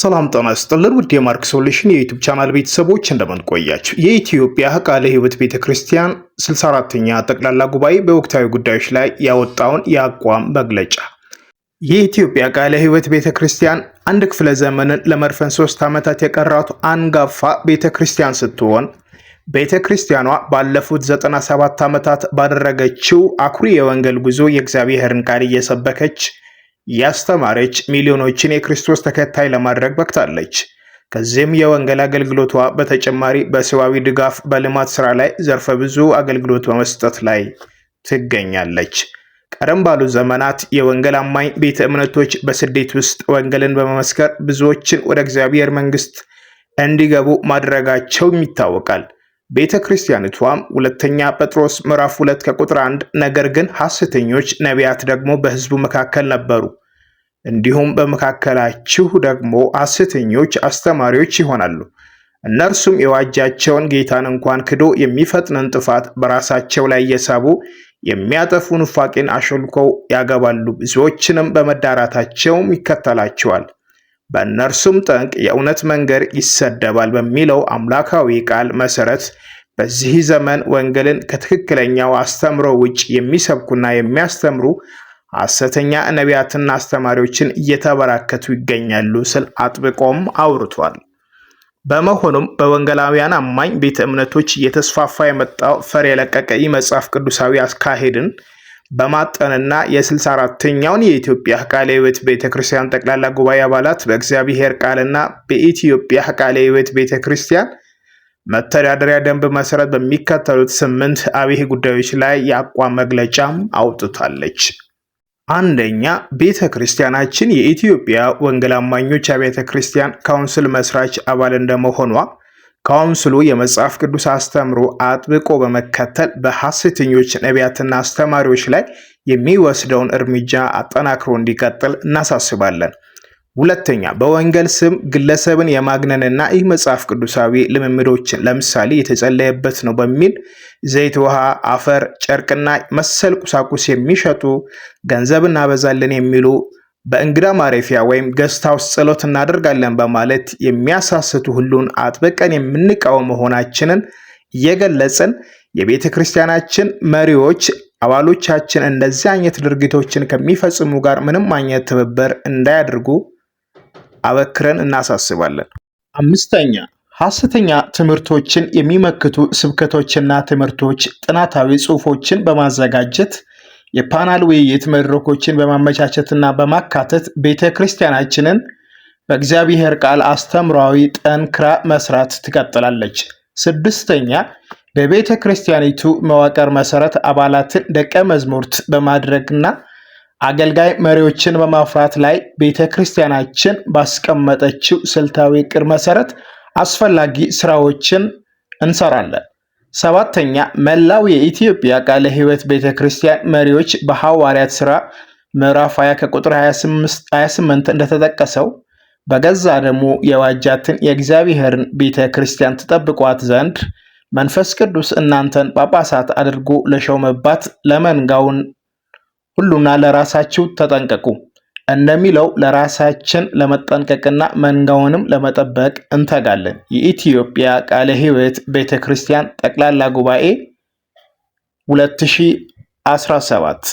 ሰላም ጤና ይስጥልን ውድ የማርክ ሶሉሽን የዩቱብ ቻናል ቤተሰቦች እንደምን ቆያችሁ? የኢትዮጵያ ቃለ ሕይወት ቤተ ክርስቲያን 64ኛ ጠቅላላ ጉባኤ በወቅታዊ ጉዳዮች ላይ ያወጣውን የአቋም መግለጫ የኢትዮጵያ ቃለ ሕይወት ቤተ ክርስቲያን አንድ ክፍለ ዘመንን ለመድፈን ሶስት ዓመታት የቀራት አንጋፋ ቤተ ክርስቲያን ስትሆን ቤተ ክርስቲያኗ ባለፉት 97 ዓመታት ባደረገችው አኩሪ የወንጌል ጉዞ የእግዚአብሔርን ቃል እየሰበከች ያስተማረች ሚሊዮኖችን የክርስቶስ ተከታይ ለማድረግ በቅታለች። ከዚህም የወንጌል አገልግሎቷ በተጨማሪ በሰብአዊ ድጋፍ በልማት ስራ ላይ ዘርፈ ብዙ አገልግሎት በመስጠት ላይ ትገኛለች። ቀደም ባሉ ዘመናት የወንጌል አማኝ ቤተ እምነቶች በስደት ውስጥ ወንጌልን በመመስከር ብዙዎችን ወደ እግዚአብሔር መንግስት እንዲገቡ ማድረጋቸውም ይታወቃል። ቤተ ክርስቲያኒቷም ሁለተኛ ጴጥሮስ ምዕራፍ ሁለት ከቁጥር አንድ ነገር ግን ሐሰተኞች ነቢያት ደግሞ በሕዝቡ መካከል ነበሩ፣ እንዲሁም በመካከላችሁ ደግሞ ሐሰተኞች አስተማሪዎች ይሆናሉ። እነርሱም የዋጃቸውን ጌታን እንኳን ክዶ የሚፈጥንን ጥፋት በራሳቸው ላይ እየሳቡ የሚያጠፉ ኑፋቄን አሾልከው ያገባሉ፣ ብዙዎችንም በመዳራታቸውም ይከተላቸዋል። በእነርሱም ጠንቅ የእውነት መንገድ ይሰደባል በሚለው አምላካዊ ቃል መሰረት በዚህ ዘመን ወንጌልን ከትክክለኛው አስተምሮ ውጭ የሚሰብኩና የሚያስተምሩ ሐሰተኛ ነቢያትና አስተማሪዎችን እየተበራከቱ ይገኛሉ ስል አጥብቆም አውርቷል። በመሆኑም በወንጌላውያን አማኝ ቤተ እምነቶች እየተስፋፋ የመጣው ፈር የለቀቀ ኢ መጽሐፍ ቅዱሳዊ አካሄድን በማጠንና የ64ኛውን የኢትዮጵያ ቃለ ሕይወት ቤተ ክርስቲያን ጠቅላላ ጉባኤ አባላት በእግዚአብሔር ቃልና በኢትዮጵያ ቃለ ሕይወት ቤተ ክርስቲያን መተዳደሪያ ደንብ መሰረት በሚከተሉት ስምንት አብይ ጉዳዮች ላይ የአቋም መግለጫም አውጥታለች። አንደኛ፣ ቤተ ክርስቲያናችን የኢትዮጵያ ወንጌል አማኞች አብያተ ክርስቲያን ካውንስል መስራች አባል እንደመሆኗ ካውንስሉ የመጽሐፍ ቅዱስ አስተምሮ አጥብቆ በመከተል በሐሰተኞች ነቢያትና አስተማሪዎች ላይ የሚወስደውን እርምጃ አጠናክሮ እንዲቀጥል እናሳስባለን። ሁለተኛ፣ በወንጌል ስም ግለሰብን የማግነንና ይህ መጽሐፍ ቅዱሳዊ ልምምዶችን ለምሳሌ የተጸለየበት ነው በሚል ዘይት፣ ውሃ፣ አፈር፣ ጨርቅና መሰል ቁሳቁስ የሚሸጡ ገንዘብ እናበዛለን የሚሉ በእንግዳ ማረፊያ ወይም ገስት ውስጥ ጸሎት እናደርጋለን በማለት የሚያሳስቱ ሁሉን አጥብቀን የምንቃወም መሆናችንን እየገለጽን የቤተ ክርስቲያናችን መሪዎች አባሎቻችን እንደዚህ አይነት ድርጊቶችን ከሚፈጽሙ ጋር ምንም አይነት ትብብር እንዳያደርጉ አበክረን እናሳስባለን። አምስተኛ ሐሰተኛ ትምህርቶችን የሚመክቱ ስብከቶችና ትምህርቶች ጥናታዊ ጽሑፎችን በማዘጋጀት የፓናል ውይይት መድረኮችን በማመቻቸትና በማካተት ቤተ ክርስቲያናችንን በእግዚአብሔር ቃል አስተምሯዊ ጠንክራ መስራት ትቀጥላለች። ስድስተኛ በቤተ ክርስቲያኒቱ መዋቅር መሰረት አባላትን ደቀ መዝሙርት በማድረግና አገልጋይ መሪዎችን በማፍራት ላይ ቤተ ክርስቲያናችን ባስቀመጠችው ስልታዊ ዕቅድ መሰረት አስፈላጊ ስራዎችን እንሰራለን። ሰባተኛ መላው የኢትዮጵያ ቃለ ሕይወት ቤተ ክርስቲያን መሪዎች በሐዋርያት ሥራ ምዕራፍ 20 ከቁጥር 28 እንደተጠቀሰው በገዛ ደግሞ የዋጃትን የእግዚአብሔርን ቤተ ክርስቲያን ትጠብቋት ዘንድ መንፈስ ቅዱስ እናንተን ጳጳሳት አድርጎ ለሾመባት ለመንጋውን ሁሉና ለራሳችሁ ተጠንቀቁ። እንደሚለው ለራሳችን ለመጠንቀቅና መንጋውንም ለመጠበቅ እንተጋለን። የኢትዮጵያ ቃለ ሕይወት ቤተ ክርስቲያን ጠቅላላ ጉባኤ 2017